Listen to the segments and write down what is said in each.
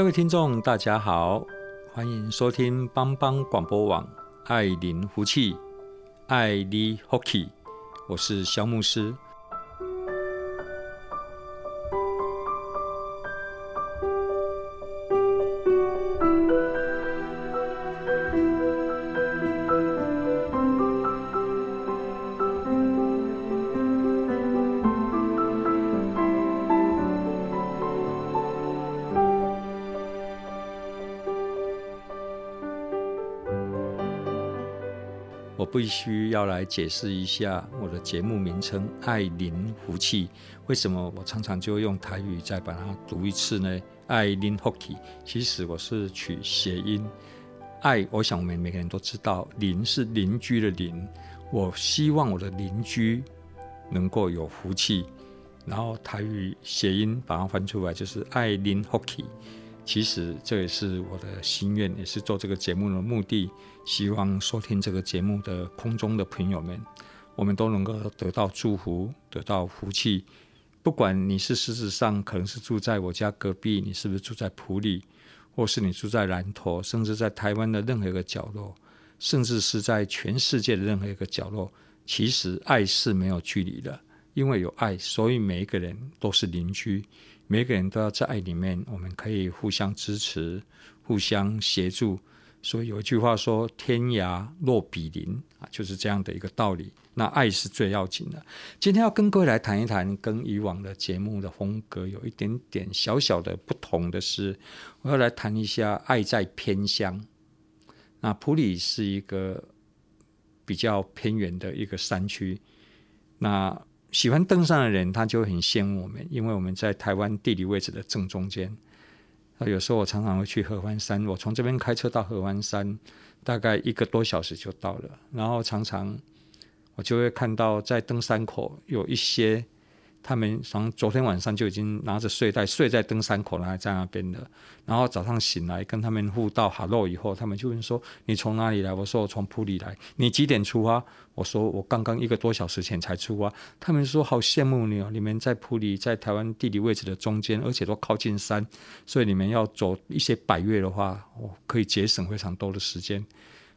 各位聽眾，大家好，歡迎收聽幫幫廣播網，愛鄰福氣，愛你福氣，我是蕭牧師。我必須要來解釋一下我的節目名稱“愛鄰福氣”。為什麼我常常就用台語再把它讀一次呢？“愛鄰福氣”其實我是取諧音，“愛”我想我們每個人都知道，“鄰”是鄰居的“鄰”，我希望我的鄰居能夠有福氣，然後台語諧音把它翻出來就是愛林“愛鄰福氣”。其實這也是我的心願，也是做這個節目的目的。希望收聽這個節目的空中的朋友們，我們都能夠得到祝福，得到福氣。不管你是事實上可能是住在我家隔壁，你是不是住在埔里，或是你住在南投，甚至在台灣的任何一個角落，甚至是在全世界的任何一個角落，其實愛是沒有距離的。因為有愛，所以每一個人都是鄰居。每個人都要在愛裡面，我們可以互相支持、互相協助。所以有一句話說：“天涯若比鄰”，啊，就是這樣的一個道理。那愛是最要緊的。今天要跟各位來談一談，跟以往的節目的風格有一點點小小的不同的是，我要來談一下愛在偏鄉。那埔里是一個比較偏遠的一個山區，那。喜歡登山的人，他就很羨慕我們，因為我們在台灣地理位置的正中間。啊，有時候我常常會去合歡山，我從這邊開車到合歡山，大概一個多小時就到了。然後常常我就會看到在登山口有一些。他們從昨天晚上就已經拿着睡袋睡在登山口，那在那邊的。然後早上醒來，跟他們互道 “hello” 以後，他們就問說：“你從哪裡來？”我說：“我從埔里來。”你幾點出發？我說：“我剛剛一個多小時前才出發。”他們說：“好羨慕你哦，你們在埔里，在台灣地理位置的中間，而且都靠近山，所以你們要走一些百岳的話，我可以節省非常多的時間。”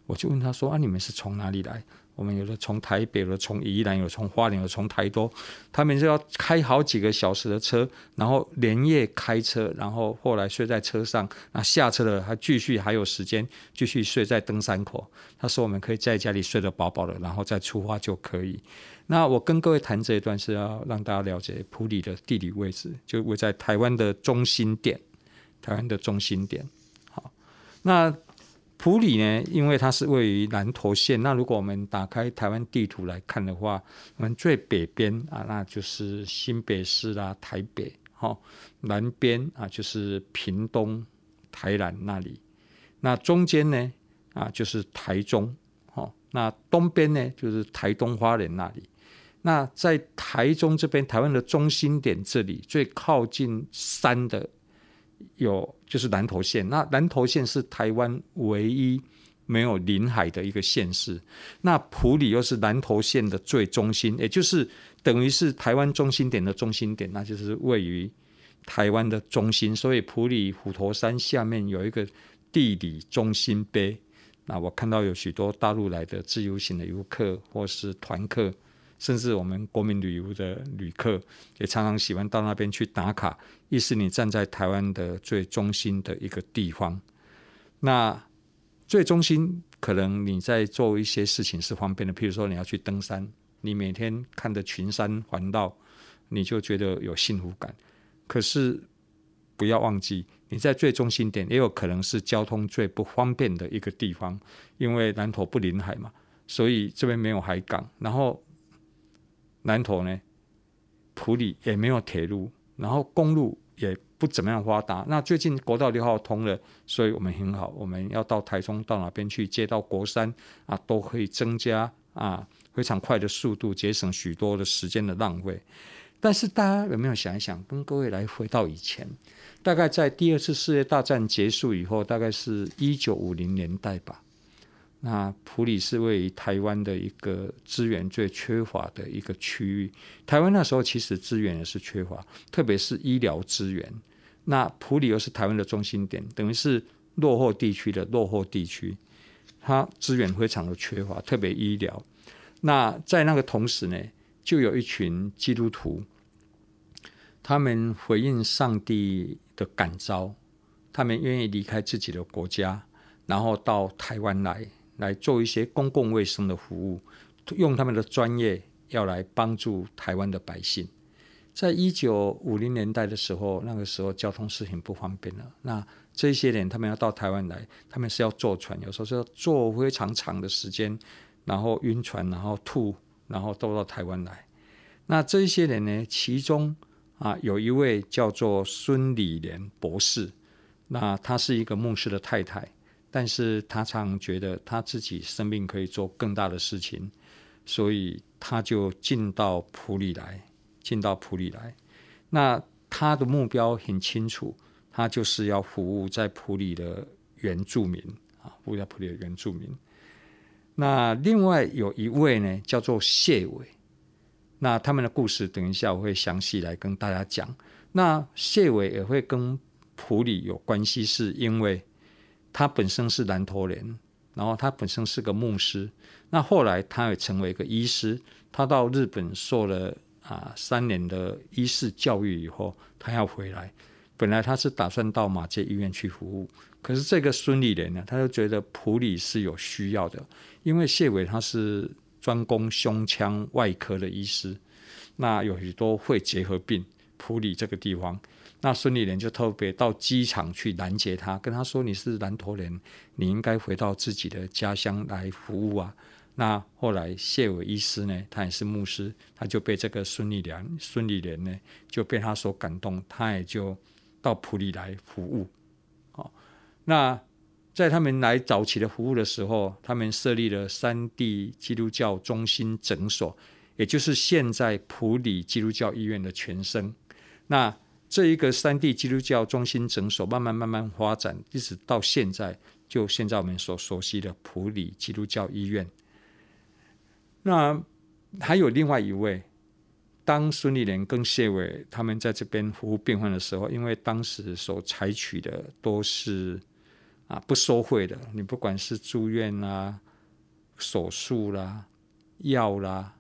我就問他說：“啊，你們是從哪裡來？”我們有的從台北，有的從宜蘭，有的從花蓮，有的從台東，他們是要開好幾個小時的車，然後連夜開車，然後後來睡在車上，那下車了還繼續還有時間繼續睡在登山口。他說我們可以在家裡睡得飽飽的，然後再出發就可以。那我跟各位談這一段是要讓大家了解埔里的地理位置，就位在台灣的中心點，台灣的中心點。好，那。埔里呢，因為它是位於南投縣。那如果我們打開台灣地圖來看的話，我們最北邊啊，那就是新北市啦、啊、台北，好、哦；南邊啊，就是屏東、台南那裡。那中間呢，啊，就是台中，好、哦。那東邊呢，就是台東花蓮那裡。那在台中這邊，台灣的中心點這裡，最靠近山的有。就是南投縣，那南投縣是台灣唯一沒有臨海的一個縣市。那埔里又是南投縣的最中心，也就是等於是台灣中心點的中心點，那就是位於台灣的中心。所以，埔里虎頭山下面有一個地理中心碑。那我看到有許多大陸來的自由行的遊客或是團客。甚至我們國民旅遊的旅客也常常喜歡到那邊去打卡，亦是，你站在台灣的最中心的一個地方。那最中心可能你在做一些事情是方便的，譬如說你要去登山，你每天看著群山環繞，你就覺得有幸福感。可是不要忘記，你在最中心點也有可能是交通最不方便的一個地方，因為南投不臨海嘛，所以這邊沒有海港，然後。南投呢，埔里也沒有鐵路，然後公路也不怎麼樣發達。那最近國道六號通了，所以我們很好，我們要到台中、到哪邊去，接到國三啊，都可以增加啊，非常快的速度，節省許多的時間的浪費。但是大家有沒有想一想，跟各位來回到以前，大概在第二次世界大戰結束以後，大概是一九五零年代吧。那埔里是位於台灣的一個資源最缺乏的一個區域。台灣那時候其實資源也是缺乏，特別是醫療資源。那埔里又是台灣的中心點，等於是落後地區的落後地區，它資源非常的缺乏，特別醫療。那在那個同時呢，就有一群基督徒，他們回應上帝的感召，他們願意離開自己的國家，然後到台灣來。來做一些公共衛生的服務，用他們的專業要來幫助台灣的百姓。在一九五零年代的時候，那個時候交通是很不方便的。那這些人他們要到台灣來，他們是要坐船，有時候是要坐非常長的時間，然後暈船，然後吐，然後都到台灣來。那這些人呢，其中啊有一位叫做孫理蓮博士，那他是一個牧師的太太。但是他常常覺得他自己生命可以做更大的事情，所以他就進到埔里來，進到埔里來。那他的目標很清楚，他就是要服務在埔里的原住民啊，服務在埔里的原住民。那另外有一位呢，叫做謝偉。那他們的故事，等一下我會詳細來跟大家講。那謝偉也會跟埔里有關係，是因為。他本身是南投人，然後他本身是個牧師，那後來他也成為一個醫師。他到日本受了啊三年的醫師教育以後，他要回來。本來他是打算到馬偕醫院去服務，可是這個孫理蓮呢，他就覺得埔里是有需要的，因為謝偉他是專攻胸腔外科的醫師，那有許多肺結核病，埔里這個地方。那孫理蓮就特別到機場去攔截他，跟他說：“你是南投人，你應該回到自己的家鄉來服務啊。”那後來謝緯醫師呢，他也是牧師，他就被這個孫理蓮。孫理蓮呢就被他所感動，他也就到埔里來服務。那在他們來早期的服務的時候，他們設立了山地基督教中心診所，也就是現在埔里基督教醫院的前身。那這一個三地基督教中心診所慢慢慢慢發展，一直到現在，就現在我們所熟悉的埔里基督教醫院。那還有另外一位，當孫理蓮跟謝緯他們在這邊服務病患的時候，因為當時所採取的都是啊不收費的，你不管是住院啦、啊、手術啦、啊、藥啦、啊、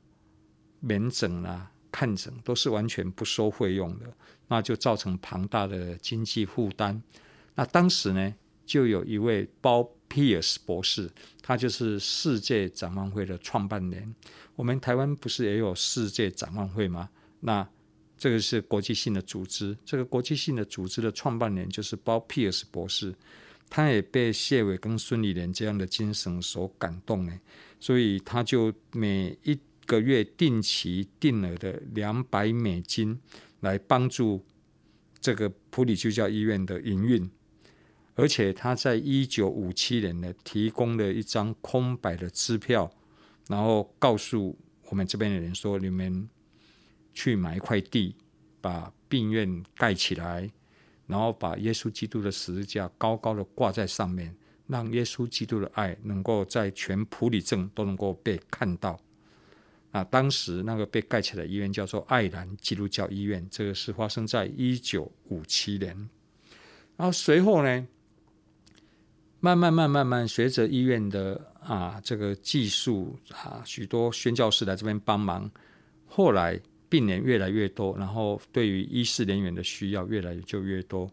門診啦、啊、看診都是完全不收費用的。那就造成龐大的經濟負擔。那當時呢，就有一位包皮爾斯博士，他就是世界展望會的創辦人。我們台灣不是也有世界展望會嗎？那這個是國際性的組織，這個國際性的組織的創辦人就是包皮爾斯博士。他也被謝偉跟孫理蓮這樣的精神所感動呢，所以他就每一個月定期定額的兩百美金。來幫助這個埔里基督教醫院的營運，而且他在一九五七年呢，提供了一張空白的支票，然後告訴我們這邊的人說：“你們去買一塊地，把病院蓋起來，然後把耶穌基督的十字架高高的掛在上面，讓耶穌基督的愛能夠在全埔里鎮都能夠被看到。”啊，當時那個被蓋起來的醫院叫做愛蘭基督教醫院，這個是發生在一九五七年。然後隨後呢，慢慢、慢、慢慢、慢、慢隨着醫院的啊，這個技術啊，許多宣教士來這邊幫忙。後來病人越來越多，然後對於醫師人員的需要越來就越多。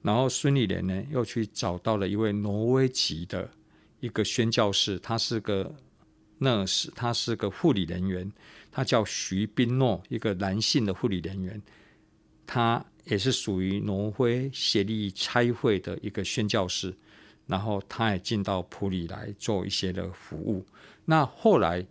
然後孫理蓮呢，又去找到了一位挪威籍的一個宣教士，他是個。那是他是個護理人員，他叫徐賓諾，一個男性的護理人員，他也是屬於挪威協力差會的一個宣教師，然後他也進到埔里來做一些的服務。那後來。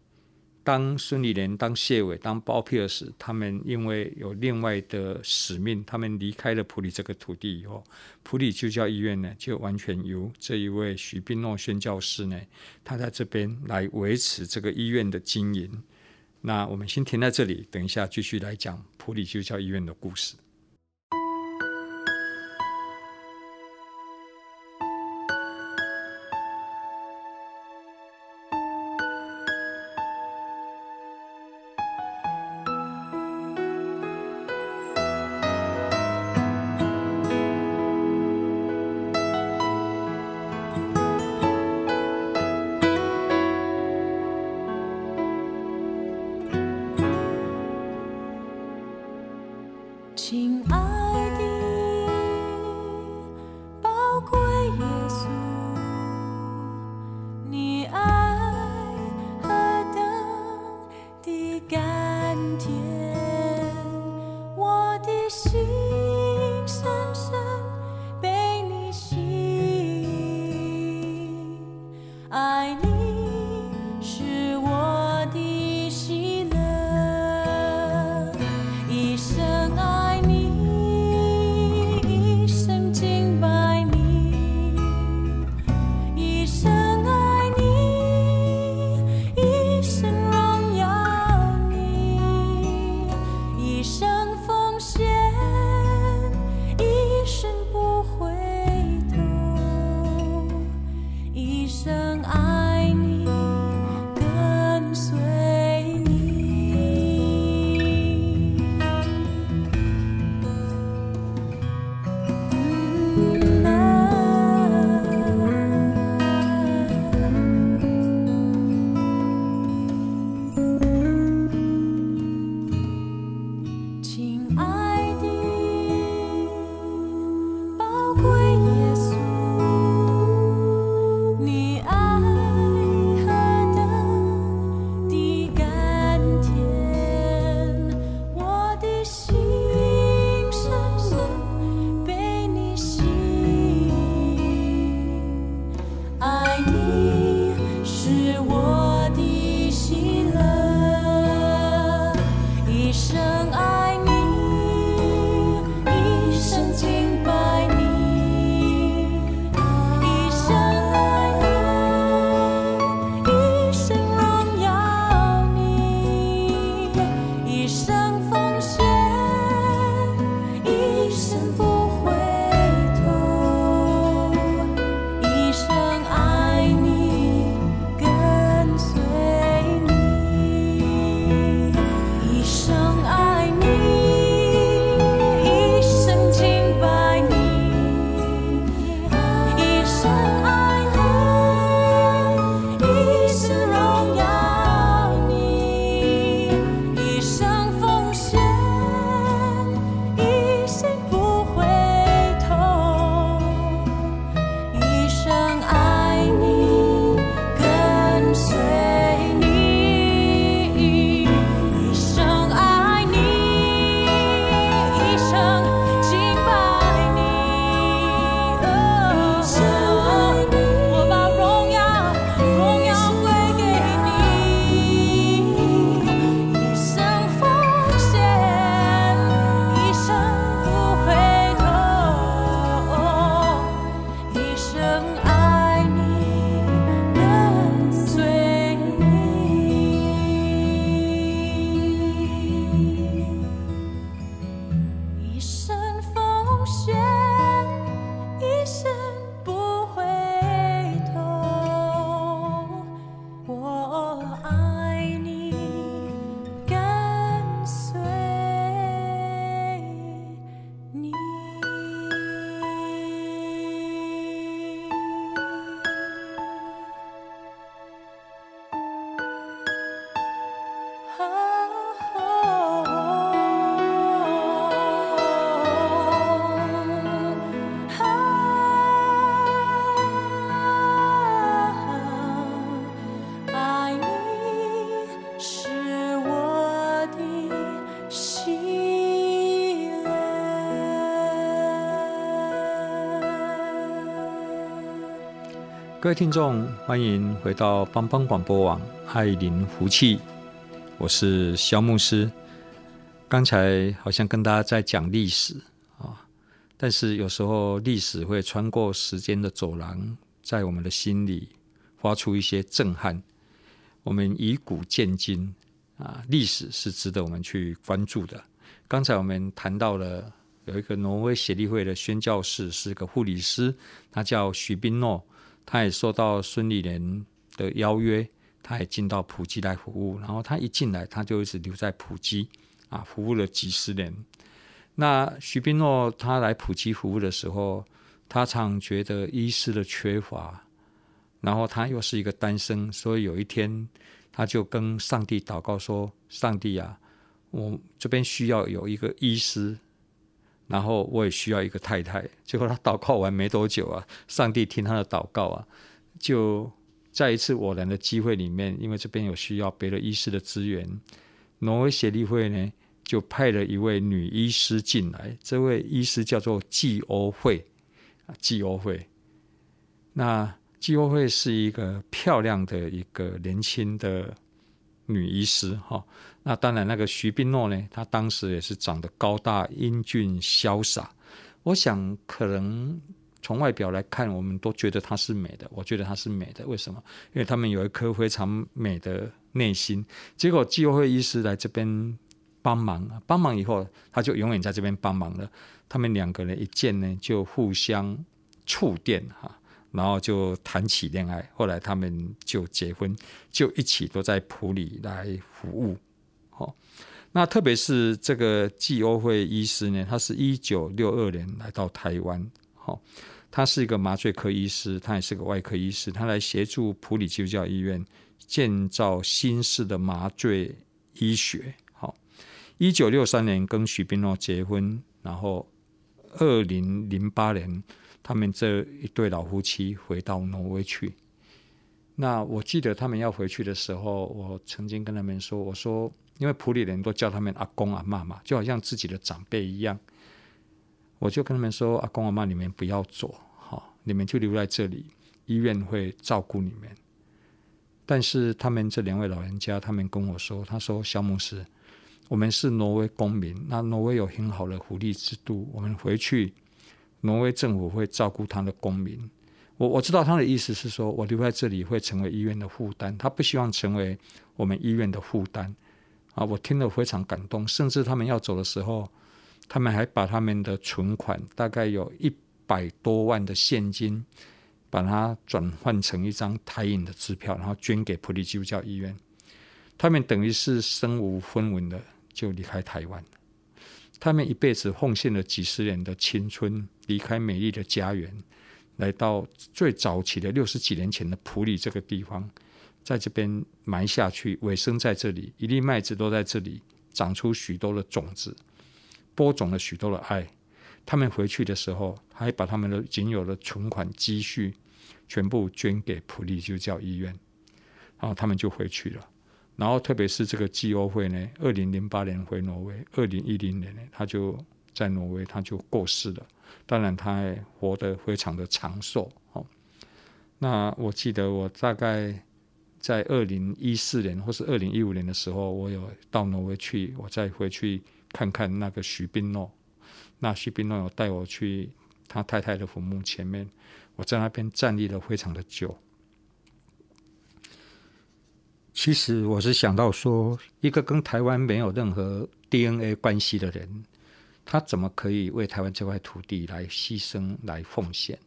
當孫理蓮、當謝緯、當包庇爾時，他們因為有另外的使命，他們離開了埔里這個土地以後，埔里救教醫院呢，就完全由這一位徐賓諾宣教師呢，他在這邊來維持這個醫院的經營。那我們先停在這裡，等一下繼續來講埔里救教醫院的故事。各位聽眾，歡迎回到幫幫廣播網。愛鄰福氣，我是蕭牧師。剛才好像跟大家在講歷史啊，但是有時候歷史會穿過時間的走廊，在我們的心裡發出一些震撼。我們以古鑑今啊，歷史是值得我們去關注的。剛才我們談到了有一個挪威協力會的宣教士，是一個護理師，他叫徐賓諾。他也受到孫理蓮的邀約，他也進到埔基來服務。然後他一進來，他就一直留在埔基啊，服務了幾十年。那徐賓諾他來埔基服務的時候，他常覺得醫師的缺乏，然後他又是一個單身，所以有一天他就跟上帝禱告說：“上帝啊，我這邊需要有一個醫師。”然後我也需要一個太太。結果他禱告完沒多久啊，上帝聽他的禱告啊，就在一次偶然的機會裡面，因為這邊有需要別的醫師的支援，挪威協力會呢就派了一位女醫師進來。這位醫師叫做紀歐惠啊，紀歐惠。那紀歐惠是一個漂亮的一個年輕的女醫師哈。那當然，那個徐賓諾呢，他當時也是長得高大、英俊、瀟灑。我想，可能從外表來看，我們都覺得他是美的。我覺得他是美的，為什麼？因為他們有一顆非常美的內心。結果，紀歐惠醫師來這邊幫忙，幫忙以後，他就永遠在這邊幫忙了。他們兩個人一見呢，就互相觸電哈，然後就談起戀愛。後來，他們就結婚，就一起都在埔里來服務。那特別是這個紀歐會醫師呢，他是一九六二年來到台灣，好、哦，他是一個麻醉科醫師，他也是個外科醫師，他來協助埔里基督教醫院建造新式的麻醉醫學。好、哦，一九六三年跟徐賓諾結婚，然後二零零八年他們這一對老夫妻回到挪威去。那我記得他們要回去的時候，我曾經跟他們說：“我說。”因為普里人都叫他們阿公阿媽嘛，就好像自己的長輩一樣。我就跟他們說：“阿公阿媽，你們不要走，哈，你們就留在這裡，醫院會照顧你們。”但是他們這兩位老人家，他們跟我說：“他說，肖牧師，我們是挪威公民，那挪威有很好的福利制度，我們回去，挪威政府會照顧他的公民。我”我我知道他的意思是說，我留在這裡會成為醫院的負擔，他不希望成為我們醫院的負擔。啊，我聽了非常感動，甚至他們要走的時候，他們還把他們的存款，大概有一百多萬的現金，把它轉換成一張台銀的支票，然後捐給埔里基督教醫院。他們等於是身無分文的就離開台灣，他們一輩子奉獻了幾十年的青春，離開美麗的家園，來到最早期的六十幾年前的埔里這個地方。在這邊埋下去，尾生在這裡，一粒麥子都在這裡長出許多的種子，播種了許多的愛。他們回去的時候，還把他們的僅有的存款積蓄全部捐給埔里基督教醫院。然後他們就回去了。然後，特別是這個紀歐惠呢，二零零八年回挪威，二零一零年呢，他就在挪威他就過世了。當然，他還活得非常的長壽。哦，那我記得我大概。在二零一四年或是二零一五年的時候，我有到挪威去，我再回去看看那個徐賓諾。那徐賓諾有帶我去他太太的墳墓前面，我在那邊站立了非常的久。其實我是想到說，一個跟台灣沒有任何 DNA 關係的人，他怎麼可以為台灣這塊土地來犧牲、來奉獻？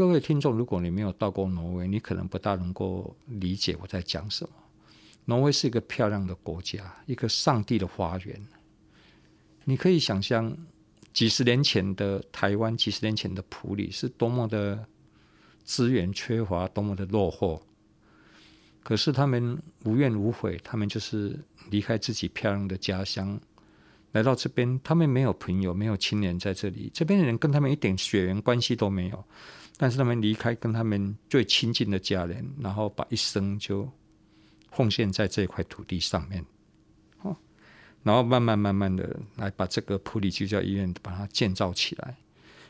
各位聽眾，如果你沒有到過挪威，你可能不大能夠理解我在講什麼。挪威是一個漂亮的國家，一個上帝的花園。你可以想象幾十年前的台灣，幾十年前的埔里是多麼的資源缺乏，多麼的落後。可是他們無怨無悔，他們就是離開自己漂亮的家鄉來到這邊。他們沒有朋友，沒有親人在這裡，這邊的人跟他們一點血緣關係都沒有。但是他們離開跟他們最親近的家人，然後把一生就奉獻在這一塊土地上面，哦，然後慢慢慢慢的來把這個埔里基教醫院把它建造起來。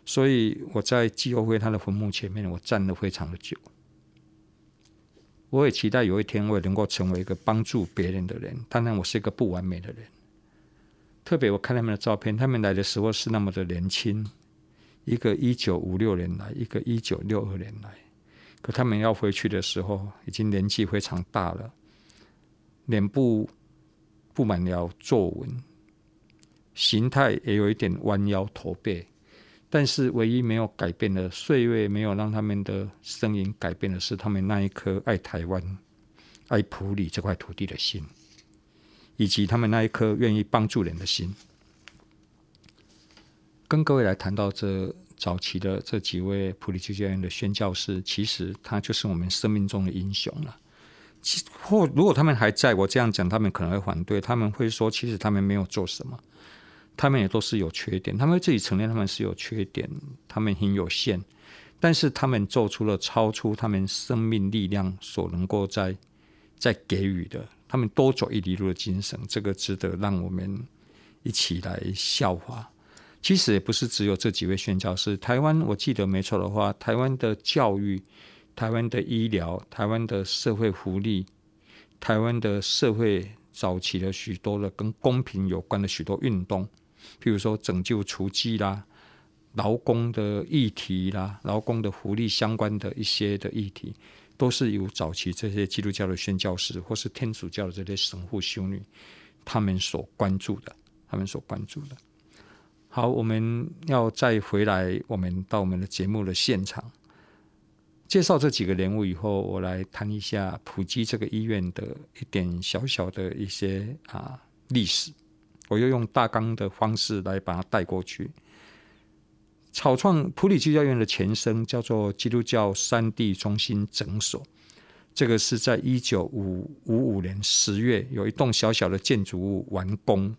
所以我在紀歐惠他的墳墓前面，我站了非常的久。我也期待有一天我也能夠成為一個幫助別人的人。當然，我是一個不完美的人。特別我看他們的照片，他們來的時候是那麼的年輕。一個一九五六年來，一個一九六二年來，可他們要回去的時候，已經年紀非常大了，臉部布滿了皺紋，形態也有一點彎腰駝背。但是，唯一沒有改變的，歲月沒有讓他們的聲音改變的是，他們那一顆愛台灣、愛埔里這塊土地的心，以及他們那一顆願意幫助人的心。跟各位來談到這早期的這幾位埔里基督教醫院的宣教師，其實他就是我們生命中的英雄了。其或如果他們還在，我這樣講，他們可能會反對，他們會說，其實他們沒有做什麼，他們也都是有缺點，他們自己承認他們是有缺點，他們很有限，但是他們做出了超出他們生命力量所能夠在在給予的，他們多走一里路的精神，這個值得讓我們一起來效法。其實也不是只有這幾位宣教師。台灣我記得沒錯的話，台灣的教育、台灣的醫療、台灣的社會福利、台灣的社會早期的許多的跟公平有關的許多運動，譬如說拯救雛妓啦、勞工的議題啦、勞工的福利相關的一些的議題，都是由早期這些基督教的宣教師或是天主教的這些神父修女他們所關注的，他們所關注的。好，我們要再回來，我們到我們的節目的現場，介紹這幾個人物以後，我來談一下埔基這個醫院的一點小小的一些啊歷史。我要用大綱的方式來把它帶過去。草創埔里基教院的前身叫做基督教山地中心診所，這個是在一九五五年十月有一棟小小的建築物完工。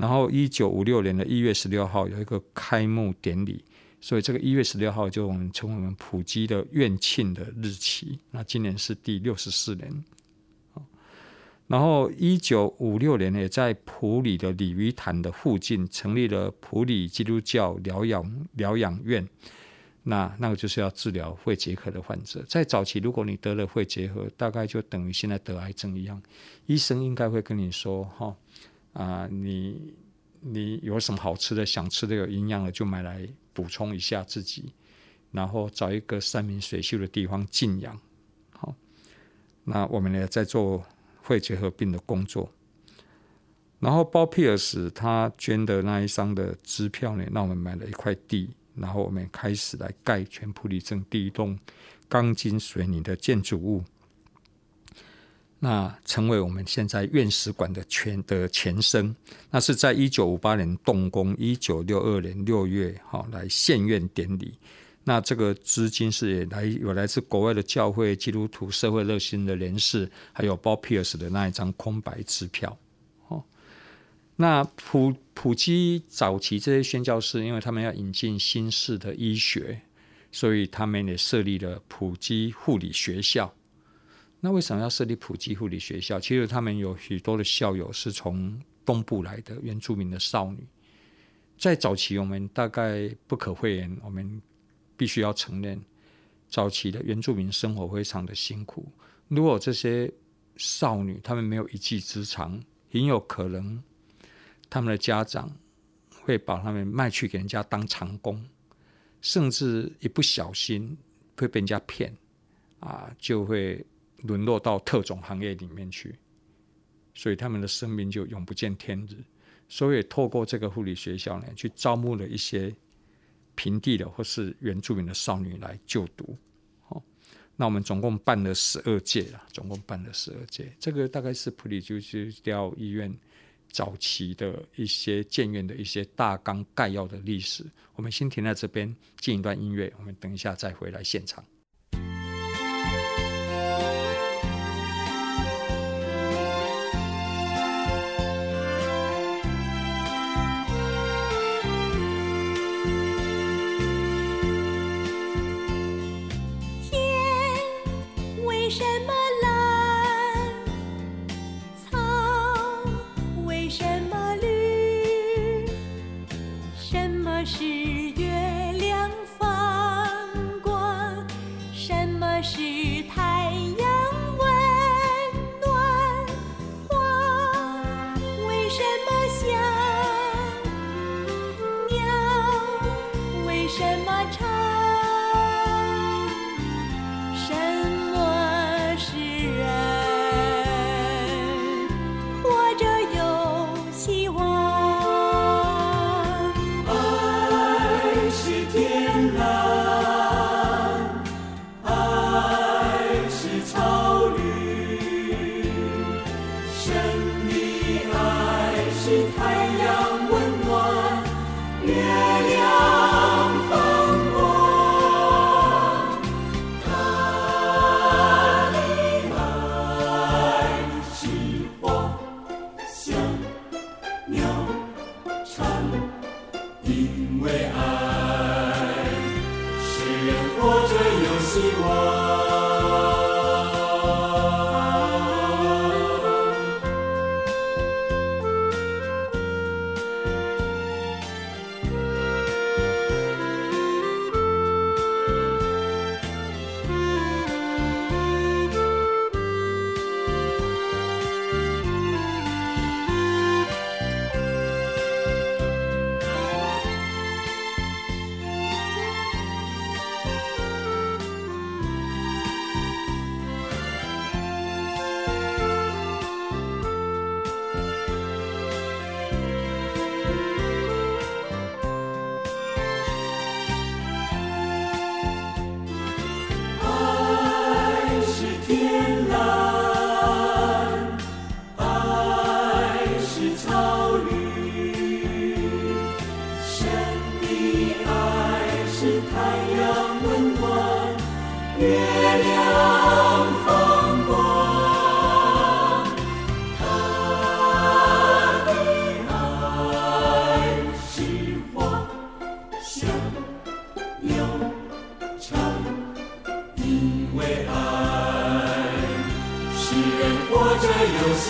然後，一九五六年的一月十六號有一個開幕典禮，所以這個一月十六號就我們稱為我們埔基的院慶的日期。那今年是第六十四年。然後一九五六年也在埔里的鯉魚潭的附近成立了埔里基督教療養療養院，那那個就是要治療肺結核的患者。在早期，如果你得了肺結核，大概就等於現在得癌症一樣，醫生應該會跟你說哈。哦啊、呃，你你有什麼好吃的、想吃的、有營養的，就買來補充一下自己，然後找一個山明水秀的地方靜養。好，那我們呢在做肺結核病的工作，然後包皮爾斯，他捐的那一張的支票呢，讓我們買了一塊地，然後我們開始來蓋全埔里鎮第一棟鋼筋水泥的建築物。那成為我們現在院士館的前的前身，那是在一九五八年動工，一九六二年六月好，哦，來獻院典禮。那這個資金是來有來自國外的教會、基督徒、社會熱心的人士，還有 Bob Pierce 的那一張空白支票。哦，那普普基早期這些宣教師，因為他們要引進新式的醫學，所以他們也設立了普基護理學校。那為什麼要設立埔基護理學校？其實他們有許多的校友是從東部來的原住民的少女。在早期，我們大概不可諱言，我們必須要承認，早期的原住民生活非常的辛苦。如果這些少女她們沒有一技之長，很有可能，他們的家長會把她們賣去給人家當長工，甚至一不小心會被人家騙，啊，就會。淪落到特種行業裡面去，所以他們的生命就永不見天日。所以透過這個護理學校呢，去招募了一些平地的或是原住民的少女來就讀。哦，那我們總共辦了十二屆了，總共辦了十二屆。這個大概是埔里基督教醫院早期的一些建院的一些大綱概要的歷史。我們先停在這邊，進一段音樂，我們等一下再回來現場。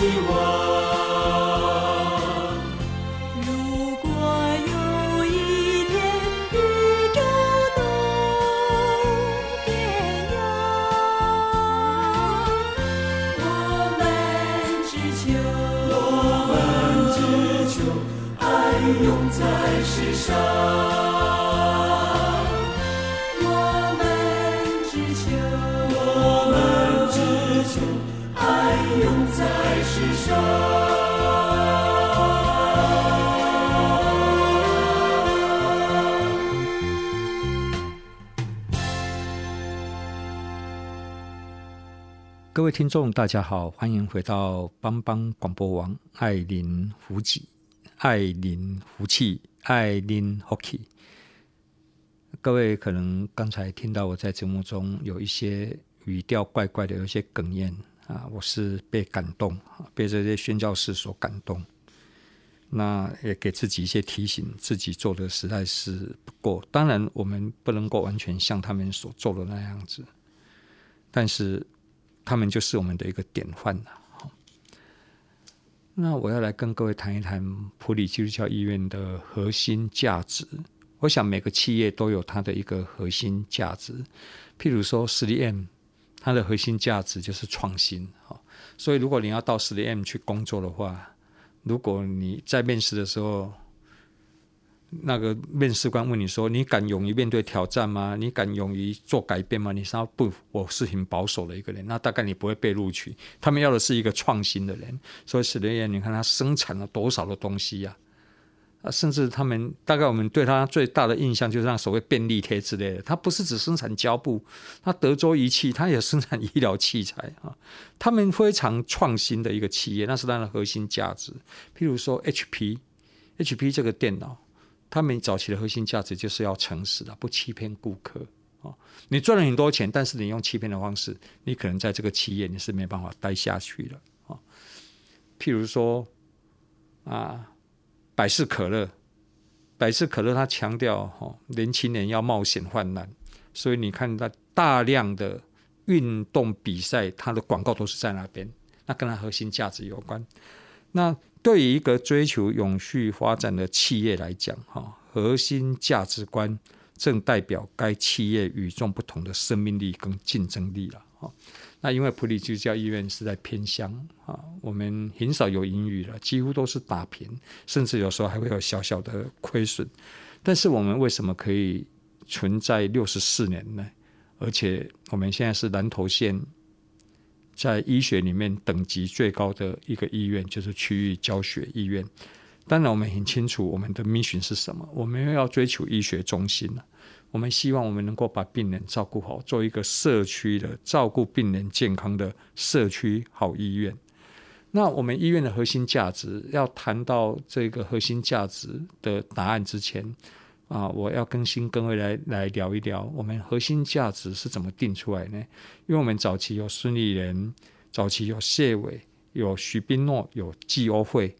你我。各位聽眾，大家好，歡迎回到幫幫廣播網。愛鄰福氣，愛鄰福氣，愛鄰福氣。各位可能剛才聽到我在節目中有一些語調怪怪的，有一些哽咽啊，我是被感動，啊、被這些宣教士所感動。那也給自己一些提醒，自己做的實在是不夠。當然，我們不能夠完全像他們所做的那樣子，但是。他們就是我們的一個典範，啊、那我要來跟各位談一談埔里基督教醫院的核心價值。我想每個企業都有它的一個核心價值，譬如說 3M，它的核心價值就是創新。所以如果你要到 3M 去工作的話，如果你在面試的時候，那個面試官問你說：“你敢勇於面對挑戰嗎？你敢勇於做改變嗎？”你說：“不，我是很保守的一個人。”那大概你不會被錄取。他們要的是一個創新的人。所以史蒂文，你看他生產了多少的東西呀、啊？啊，甚至他們大概我們對他最大的印象就是那所謂便利貼之類的。他不是只生產膠布，那德州儀器他也生產醫療器材啊。他們非常創新的一個企業，那是它的核心價值。譬如說，HP，HP HP 這個電腦。他們早期的核心價值就是要誠實的，不欺騙顧客啊！你賺了很多錢，但是你用欺騙的方式，你可能在這個企業你是沒辦法待下去了啊。譬如說啊，百事可樂，百事可樂它強調哈，年輕人要冒險犯難，所以你看它大量的運動比賽，它的廣告都是在那邊，那跟它核心價值有關。那。對於一個追求永續發展的企業來講，哈，核心價值觀正代表該企業與眾不同的生命力跟競爭力了，哈。那因為埔里基督教醫院是在偏鄉啊，我們很少有盈餘了，幾乎都是打平，甚至有時候還會有小小的虧損。但是我們為什麼可以存在六十四年呢？而且我們現在是南投縣。在醫學裡面等級，最高的一個醫院就是區域教學醫院。當然，我們很清楚我們的 mission 是什麼，我們要追求醫學中心，我們希望我們能夠把病人照顧好，做一個社區的照顧病人健康的社區好醫院。那我們醫院的核心價值，要談到這個核心價值的答案之前，啊，我要更新跟各位來聊一聊，我們核心價值是怎麼定出來呢？因為我們早期有孫立人，早期有謝偉，有徐賓諾，有紀歐惠，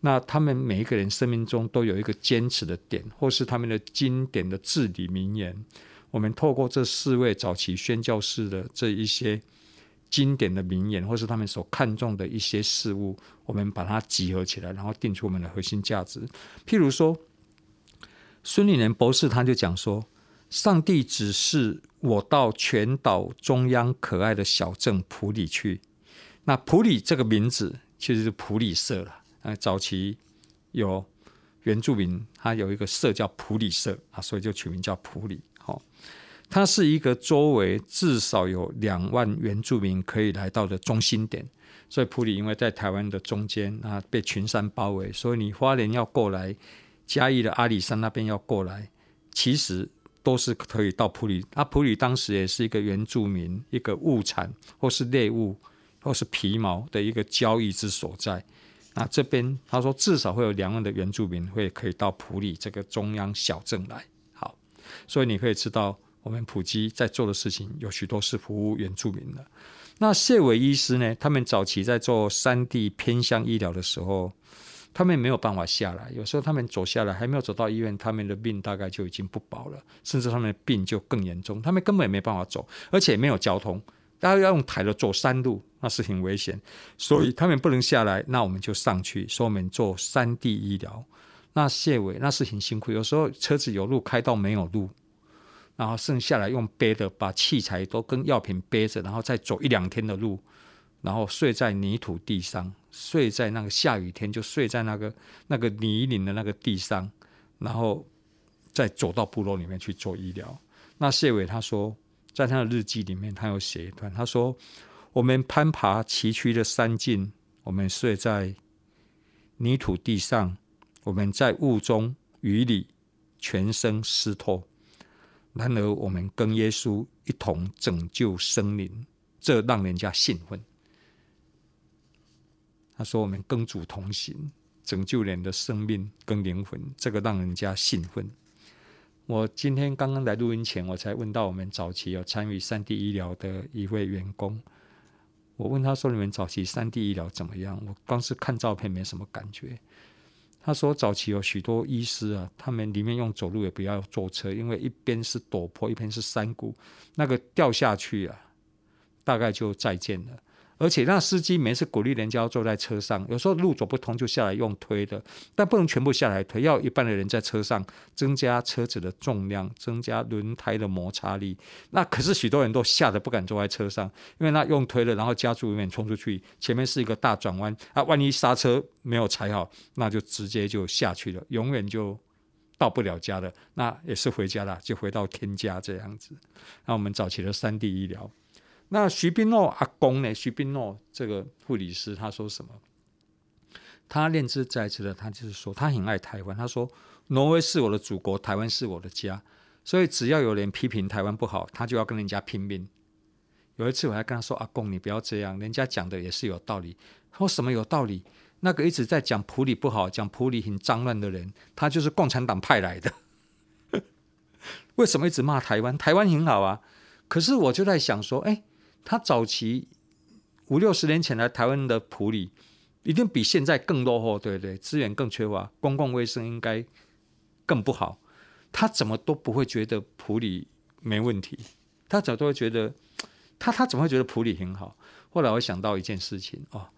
那他們每一個人生命中都有一個堅持的點，或是他們的經典的至理名言。我們透過這四位早期宣教士的這一些經典的名言，或是他們所看重的一些事物，我們把它集合起來，然後定出我們的核心價值。譬如說。孫理蓮博士他就講說：“上帝指示我到全島中央可愛的小鎮埔里去。那埔里這個名字其實是埔里社了。早期有原住民，他有一個社叫埔里社啊，所以就取名叫埔里。好，它是一個周圍至少有兩萬原住民可以來到的中心點。所以埔里因為在台灣的中間啊，被群山包圍，所以你花蓮要過來。”嘉義的阿里山那邊要過來，其實都是可以到埔里。那埔里當時也是一個原住民一個物產，或是獵物，或是皮毛的一個交易之所在。那這邊他說至少會有兩萬的原住民會可以到埔里這個中央小鎮來。好，所以你可以知道我們埔基在做的事情有許多是服務原住民的。那謝緯醫師呢？他們早期在做山地偏鄉醫療的時候。他們沒有辦法下來，有時候他們走下來還沒有走到醫院，他們的病大概就已經不保了，甚至他們的病就更嚴重，他們根本沒辦法走，而且沒有交通，大家要用抬的走山路，那是很危險，所以他們不能下來，那我們就上去，所以我們做山地醫療。那謝偉那是很辛苦，有時候車子有路開到沒有路，然後剩下來用背的把器材都跟藥品背着，然後再走一兩天的路。然後睡在泥土地上，睡在那個下雨天就睡在那個那個泥濘的那個地上，然後再走到部落裡面去做醫療。那謝偉他說，在他的日記裡面，他有寫一段，他說：“我們攀爬崎嶇的山徑，我們睡在泥土地上，我們在霧中雨裡，全身濕透。然而，我們跟耶穌一同拯救生靈，這讓人家興奮。”他說：“我們跟主同行，拯救人的生命跟靈魂，這個讓人家興奮。”我今天剛剛來錄音前，我才問到我們早期有參與三 D 醫療的一位員工，我問他說：“你們早期三 D 醫療怎麼樣？”我光是看照片沒什麼感覺。他說：“早期有許多醫師啊，他們裡面用走路也不要坐車，因為一邊是陡坡，一邊是山谷，那個掉下去啊，大概就再見了。”而且那司機每次鼓勵人家要坐在車上，有時候路走不通就下來用推的，但不能全部下來推，要有一半的人在車上，增加車子的重量，增加輪胎的摩擦力。那可是許多人都嚇得不敢坐在車上，因為那用推的，然後加速永遠衝出去，前面是一個大轉彎啊，萬一剎車沒有踩好，那就直接就下去了，永遠就到不了家了，那也是回家啦，就回到天家這樣子。那我們早期的山地醫療。那徐賓諾阿公呢？徐賓諾這個護理師他說什麼？他念茲在茲的，他就是說他很愛台灣。他說，挪威是我的祖國，台灣是我的家。所以只要有人批評台灣不好，他就要跟人家拼命。有一次我還跟他說：“阿公，你不要這樣，人家講的也是有道理。”說什麼有道理？那個一直在講埔里不好、講埔里很髒亂的人，他就是共產黨派來的。 為什麼一直罵台灣？台灣很好啊！可是我就在想說，哎、欸。他早期五六十年前來台灣的埔里，一定比現在更落後，對不對，資源更缺乏，公共衛生應該更不好。他怎麼都不會覺得埔里沒問題，他怎麼都會覺得，他他怎麼會覺得埔里很好？後來我想到一件事情哦。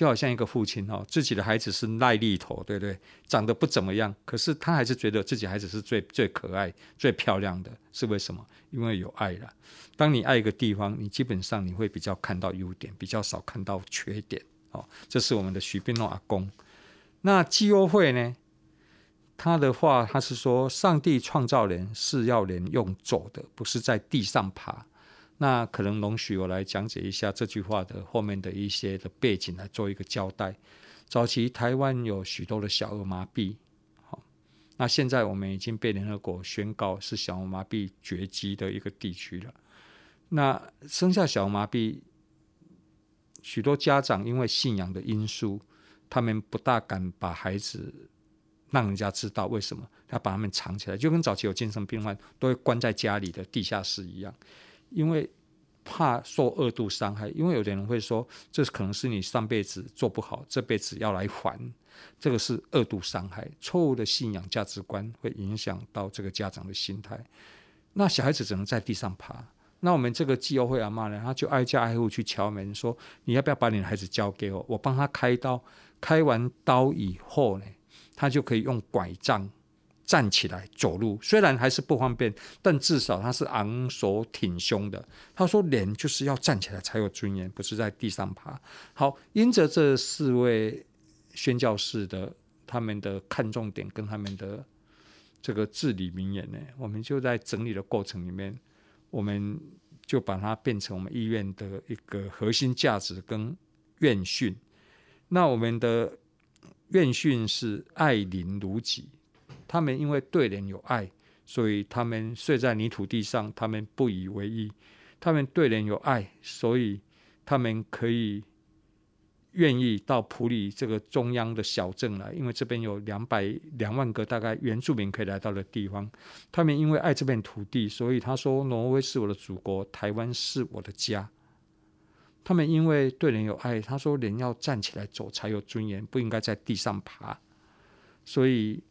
就好像一個父親，自己的孩子是癩痢頭，對不對，對？長得不怎麼樣，可是他還是覺得自己孩子是最最可愛、最漂亮的，是為什麼？因為有愛了。當你愛一個地方，你基本上你會比較看到優點，比較少看到缺點。哦，這是我們的徐賓諾阿公。那紀歐惠呢？他的話，他是說，上帝創造人是要人用走的，不是在地上爬。那可能容許我來講解一下這句話的後面的一些的背景，來做一個交代。早期台灣有許多的小兒麻痹，好，那現在我們已經被聯合國宣告是小兒麻痹絕迹的一個地區了。那生下小兒麻痹，許多家長因為信仰的因素，他們不大敢把孩子讓人家知道，為什麼？他把他們藏起來，就跟早期有精神病患都會關在家裡的地下室一樣。因為怕受二度傷害，因為有的人會說，這是可能是你上輩子做不好，這輩子要來還，這個是二度傷害。錯誤的信仰價值觀會影響到這個家長的心態，那小孩子只能在地上爬。那我們這個基金會阿嬤呢，他就挨家挨戶去敲門，說你要不要把你的孩子交給我，我幫他開刀。開完刀以後呢，他就可以用拐杖，站起來走路，雖然還是不方便，但至少他是昂首挺胸的。他說：“人就是要站起來才有尊嚴，不是在地上爬。”好，因着這四位宣教士的他們的看重點跟他們的這個至理名言呢，我們就在整理的過程裡面，我們就把它變成我們醫院的一個核心價值跟院訓。那我們的院訓是愛“愛鄰如己”。他們因為對人有愛，所以他們睡在泥土地上，他們不以為意。他們對人有愛，所以他們可以願意到埔里這個中央的小鎮來，因為這邊有兩百兩萬個大概原住民可以來到的地方。他們因為愛這片土地，所以他說：“挪威是我的祖國，台灣是我的家。”他們因為對人有愛，他說：“人要站起來走才有尊嚴，不應該在地上爬。”所以。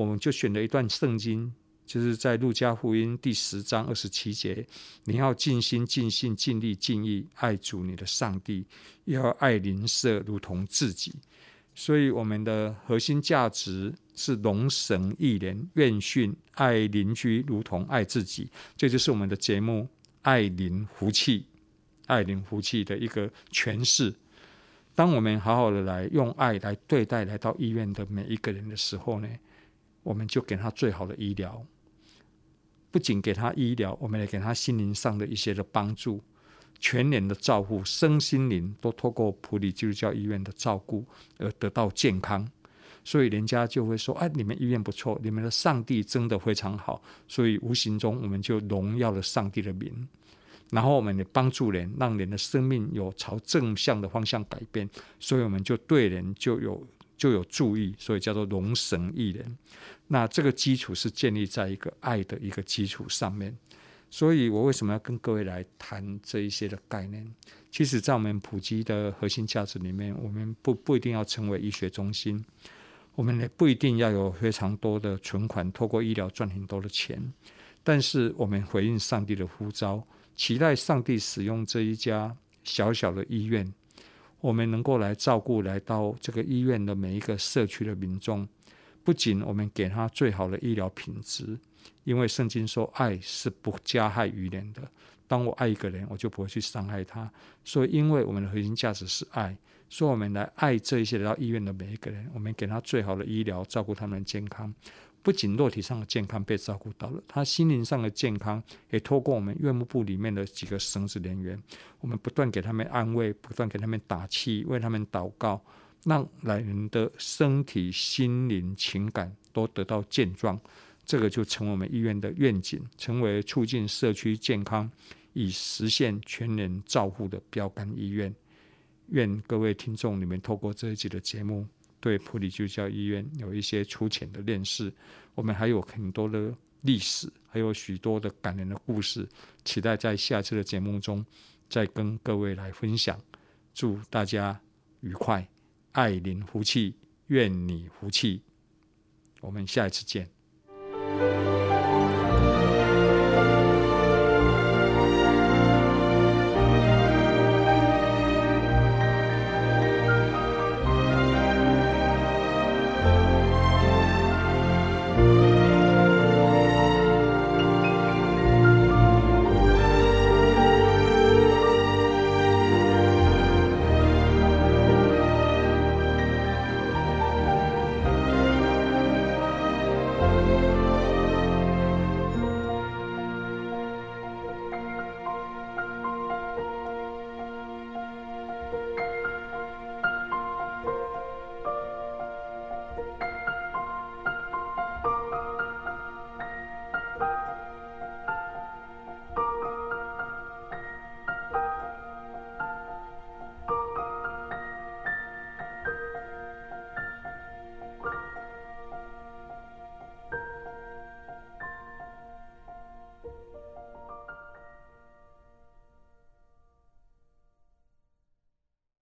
我們就選了一段聖經，就是在《路加福音》第十章二十七節：“你要盡心、盡性、盡力、盡意愛主你的上帝，要愛鄰舍如同自己。”所以，我們的核心價值是“榮神益人，願訓愛鄰居如同愛自己”，這就是我們的節目“愛鄰福氣”、“愛鄰福氣”的一個詮釋。當我們好好的來用愛來對待來到醫院的每一個人的時候呢，我們就給他最好的醫療，不僅給他醫療，我們也給他心靈上的一些的幫助，全人的照顧，身心靈都透過埔里基督教醫院的照顧而得到健康，所以人家就會說：“哎、啊，你們醫院不錯，你們的上帝真的非常好。”所以無形中我們就榮耀了上帝的名，然後我們也幫助人，讓人的生命有朝正向的方向改變，所以我們就對人就有。就有助益，所以叫做榮神益人。那這個基礎是建立在一個愛的一個基礎上面。所以我為什麼要跟各位來談這一些的概念？其實，在我們埔基的核心價值裡面，我們不不一定要成為醫學中心，我們也不一定要有非常多的存款，透過醫療賺很多的錢。但是，我們回應上帝的呼召，期待上帝使用這一家小小的醫院。我們能夠來照顧來到這個醫院的每一個社區的民眾，不僅我們給他最好的醫療品質，因為聖經說愛是不加害於人的。當我愛一個人，我就不會去傷害他。所以，因為我們的核心價值是愛，所以我們來愛這一些來到醫院的每一個人，我們給他最好的醫療，照顧他們的健康。不僅肉體上的健康被照顧到了，他心靈上的健康也透過我們院務部裡面的幾個神職人員，我們不斷給他們安慰，不斷給他們打氣，為他們禱告，讓老人的身體、心靈、情感都得到健壯。這個就成為我們醫院的願景，成為促進社區健康，以實現全人照護的標杆醫院。願各位聽眾，你們透過這一集的節目，對埔里基督教醫院有一些粗淺的認識，我們還有很多的歷史，還有許多的感人的故事，期待在下次的節目中再跟各位來分享。祝大家愉快，愛鄰福氣，願你福氣。我們下一次見。